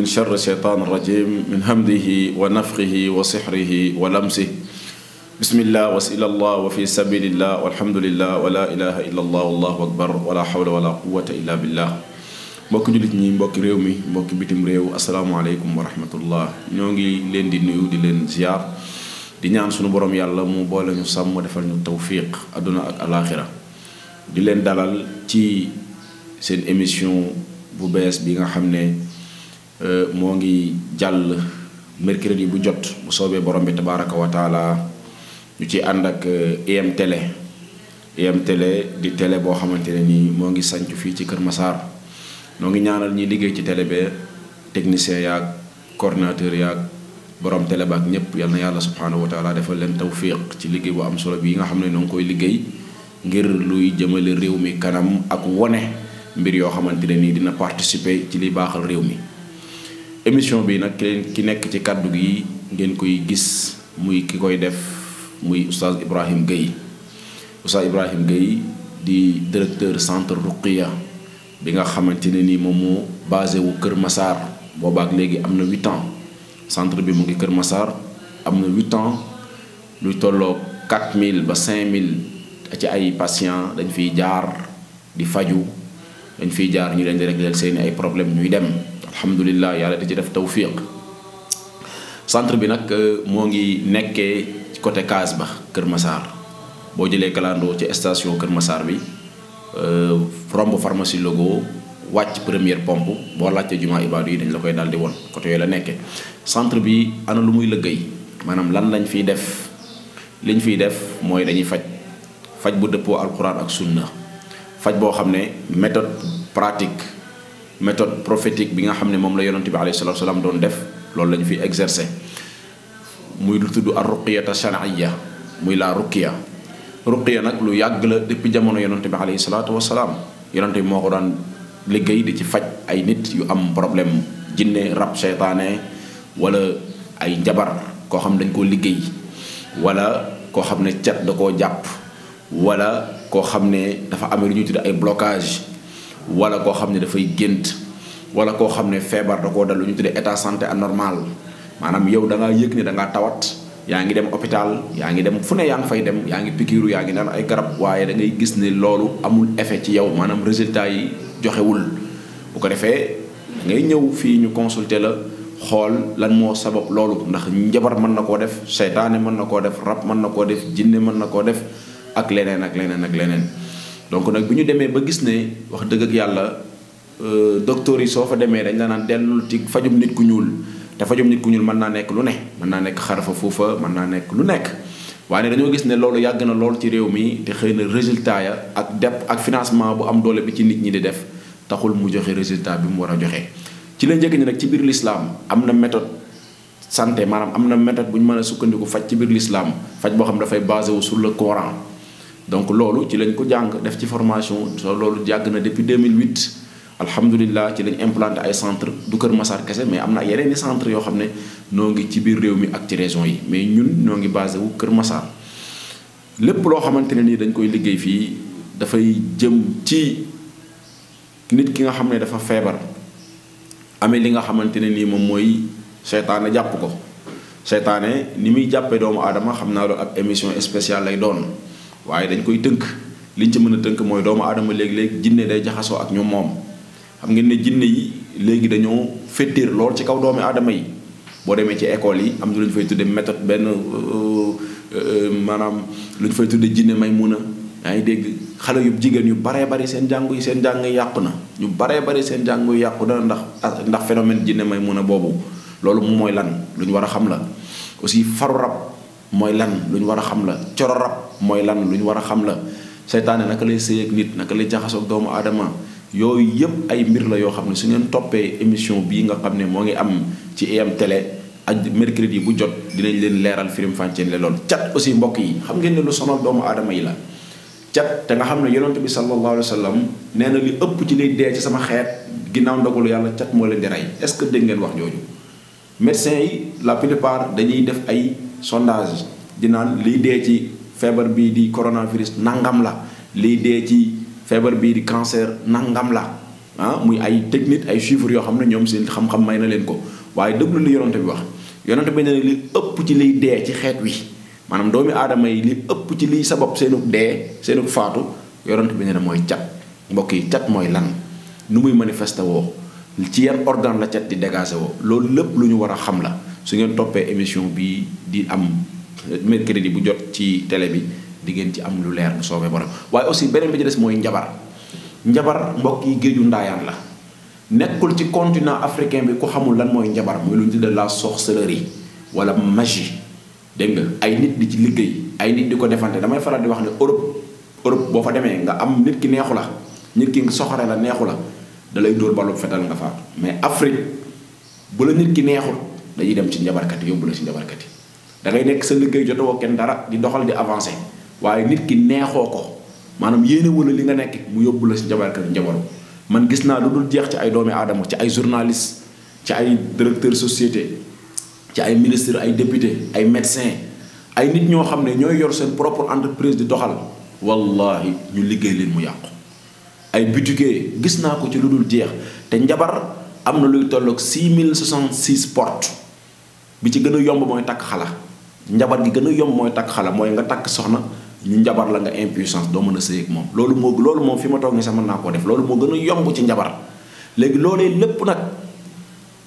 من شر الشيطان الرجيم من همده ونفخه وسحره ولمسه بسم الله وسئل الله وفي سبيل الله والحمد لله ولا إله إلا الله والله أكبر ولا حول ولا قوة إلا بالله mbokk jullit ñi mbokk réew mi mbokk bitim réew asalaamaaleykum wa rahmatullah ñoo ngi leen di nuyu di leen ziar di ñaan suñu borom yàlla mu boole ñu sàmm defal ñu tawfiq àdduna ak alaaxira di leen dalal ci seen émission bu bees bi nga xam ne euh, moo ngi jàll mercredi bu jot bu soobee borom bi tabaraka wa ñu ci ànd ak IM euh, télé di télé boo xamante ne nii moo ngi sancu fii ci Kër Masaar noo ngi ñaanal ñi liggéey ci télé be technicien yaag coordinateur yaag borom télé baak ñëpp yal na yàlla subhaanahu wa taala defal leen tawfiq ci liggéey bu am solo bi yi nga xam ne noo ngi koy liggéey ngir luy jëmale réew mi kanam ak wone mbir yoo xamante ne nii dina participer ci li baaxal réew mi émission bi nag ki leen ki nekk ci kàddu gi ngeen koy gis muy ki koy def muy oustaz Ibrahim Gueye oustaz Ibrahim Gueye di directeur centre Ruqiya bi nga xamante ne nii moom moo basé wu Kër Massar boobaak léegi am na huit ans centre bi mu ngi Kër Massar amna 8 ans lu tolloo 4000 ba 5000 ci ay patients dañ fi jaar di faju dañ fi jaar ñu leen di régler seen ay problème ñuy dem alhamdullilah yalla di ci def tawfiq centre bi nak euh, mo ngi nekké ci côté casbah Kër Massar bo jëlé calando ci station Kër Massar bi euh, rombo pharmacie Logo wacc première pompe boo laajte juma ibadu yi dañ la koy daldi won côté yo la nekké centre bi ana lu muy leggey manam lan lañ fi def liñ fi def moy dañuy fajj fajj bu depo alcorane ak sunna fajj bo xamné méthode pratique méthode prophétique bi nga xamné mom la yonnati bi alayhi salatu doon def lolou lañ fi exercer muy lu tuddu ar ruqiyata shar'iyya muy la ruqya ruqya nak lu yàgg la depuis jamono yonnati bi alayhi salatu wasalaam yonnati moko liggéey di ci faj ay nit yu am problème jinne rab seytaane wala ay njabar koo xam dañ koo liggéey wala koo xam ne cat da koo jàpp wala koo xam ne dafa amee lu ñuy tudd ay blocage wala koo xam ne dafay gént wala koo xam ne feebar da koo dal lu ñuy tudd état santé anormal maanaam yow da yëg ne da tawat yaa ngi dem hôpital yaa ngi dem fu ne yaa ngi fay dem yaa ngi pikiiru yaa ngi naan ay garab waaye da ngay gis ne loolu amul effet ci yow maanaam résultat yi joxewul bu ko defee da ngay ñëw fii ñu consulter la xool lan moo sabab loolu ndax njabar mën na koo def seytaane mën na koo def rab mën na koo def jinne mën na koo def ak leneen ak leneen ak leneen donc nag bi ñu demee ba gis ne wax dëgg ak yàlla euh, docteur yi soo fa demee dañ la naan dellul ci fajum nit ku ñuul te fajum nit ku ñuul mën naa nekk lu ne mën naa nekk xar fa fuufa mën naa nekk lu nekk waaye dañoo gis ne loolu yàgg na lool ci réew mi te xëy na résultat ya ak depp ak financement bu am doole bi ci nit ñi di def taxul mu joxe résultat bi mu war a joxe. ci la njëkk ni rek ci biir lislaam am na méthode santé maanaam am na méthode bu ñu mën a sukkandiku faj ci biir lislaam faj boo xam ne dafay basé wu sur le Coran donc loolu ci lañ ko jàng def ci formation so loolu jàgg na depuis 2008. alhamdulilah ci lañ implanté ay centre du Kër Massar kese mais am na yeneen i centre yoo xam ne noo ngi ci biir réew mi ak ci région yi mais ñun noo ngi basé wu Kër Massar lépp loo xamante ne nii dañ koy liggéey fii dafay jëm ci nit ki nga xam ne dafa feebar amee li nga xamante ne nii moom mooy seytaane jàpp ko seytaane ni muy jàppee doomu aadama xam naa loolu ab émission spéciale lay doon waaye dañ koy tënk liñ ci mën a tënk mooy doomu aadama léegi-léegi jinne day jaxasoo ak ñoom moom xam ngeen ne jinne yi léegi dañoo féttéer lool ci kaw doomu aadama yi boo demee ci école yi am na lu ñu fay tudde méthode benn euh, euh, maanaam lu ñu fay tudde jinne may mun a yaay deg xale yu jigen yu bare bare senjangui jàng yi na yu bare bari seen jàng na ndax ndax phénomène jinne may mëna bobu lolu mu moy lan luñ wara xam la aussi faru rab moy lan luñ wara xam la cioro rab moy lan luñ wara xam la seytaane nak lay sey ak nit nak lay ak doomu adama yoy yépp ay mbir la yo xam su ngeen topé émission bi nga xamné mo ngi am ci am télé ak mercredi bu jot dinañ leen leeral film fantien le lol chat aussi mbokk yi xam ngeen ne lu sonal doomu adama yi la cat te nga xam ne yonent bi sallallahu alayhi wa sallam nee na li ëpp ci liy dee ci sama xeet ginnaaw ndogalu yàlla cat moo leen di rey est-ce que dégg ngeen wax jooju médecins yi la plupart dañuy def ay sondage di naan liy dee ci feebar bii di coronavirus nangam la liy dee ci feebar bii di cancer nangam la ah muy ay technique ay chiffres yoo xam ne ñoom seen xam-xam may na leen ko waaye déglu li yonent bi wax yonent bi nee na ëpp ci liy dee ci xeet wi maanaam doomi aadama yi li ëpp ci liy sabab seenu dee seenu faatu yonent bi nee na mooy cat mbokk yi cat mooy lan nu muy manifesté woo ci yan organe la cat di dégagé woo loolu lépp lu ñu war a xam la su ngeen toppee émission bi di am euh, mercredi bu jot ci télé bi di ngeen ci am lu leer bu soobee borom waaye aussi beneen bi ci des mooy njabar njabar mbokk yi géeju ndaayaan la nekkul ci continent africain bi ku xamul lan mooy njabar muy lu ñu tudde la sorcellerie wala magie dégg nga ay nit di ci liggéey ay nit di ko defante damay faral di wax ne Europe Europe boo fa demee nga am nit ki neexu la nit ki soxore la neexu la da dóor balub fetal nga faatu mais Afrique bu nit ki neexul dañuy dem ci njabarkat yi yóbbu la ci njabarkat yi da ngay nekk sa liggéey jotoo kenn dara di doxal di avancé waaye nit ki neexoo ko maanaam yéene li nga nekk mu yóbbu la ci njabarkat yi njabaru man gis naa lu dul jeex ci ay doomi aadama ci ay journaliste ci ay directeur société ci ay ministre ay député ay médecin ay nit ñoo xam ñoy yor sen propre entreprise di doxal wallahi ñu liggéey leen mu yaq ay butiqué gis na ko ci luddul jeex te njabar amna luy tollok 6066 porte bi ci gëna yomb moy tak xala njabar gi gëna yomb moy tak xala moy nga tak soxna ñu njabar la nga impuissance do mëna sey ak mom loolu mo loolu mo fi ma tok ni sama na ko def loolu mo gëna yomb ci njabar légui lolé lepp nak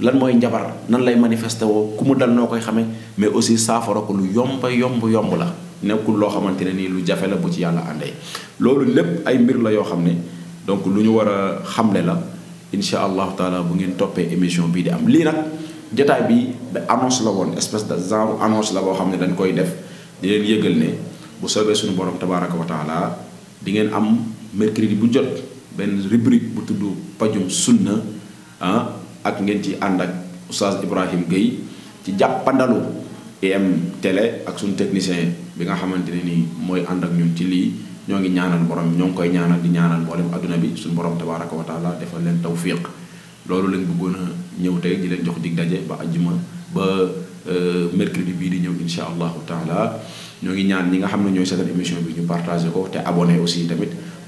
lan mooy njabar nan lay manifesté woo ku mu dal noo koy xamee mais aussi saafara ko lu yomb yomb yomb la nekkul loo xamante ne nii lu jafe la bu ci yàlla àndee loolu lépp ay mbir la yoo xam ne donc lu ñu war a xamle la incha allahu taala bu ngeen toppee émission bii di am lii nag jotaay bi da annonce la woon espèce de genre annonce la boo xam ne dañ koy def di leen yëgal ne bu soobee suñu borom tabaraka wa taala di ngeen am mercredi bu jot benn rubrique bu tudd pajum sunna ah ak ngeen ci ànd ak oustaz ibrahim gueye ci jàppandalu em télé ak suñu technicien bi nga xamante ni mooy ànd ak ñun ci lii ñoo ngi ñaanal borom ñoo ngi koy ñaanal di ñaanal mboolem aduna bi suñu borom tabaraka wa taala defal leen tawfiq loolu lañ bëggoon a ñëw tey di leen jox dig daje ba ajjuma ba euh, mercredi bii di ñëw insha allahu taala ñoo ngi ñaan ñi nga xam ne ñooy seetaan émission bi ñu partager ko te abonné aussi tamit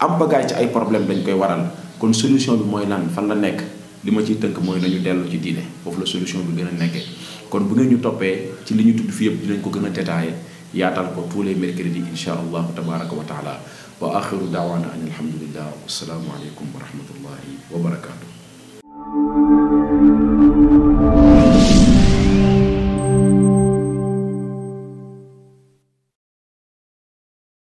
am bagaay ci ay problème dañ koy waral kon solution bi mooy lan fan la nekk li ma ciy tënk mooy nañu dellu ci diine foofu la solution bi gën a nekkee kon bu ngeen ñu toppee ci li ñu tudd fi yëpp dinañ ko gën a détaillé yaatal ko tous les mercredis insha allahu tabaraka wa taala wa axiru daawaana an alhamdulillah wasalaamu aleykum wa rahmatullahi wa barakatuh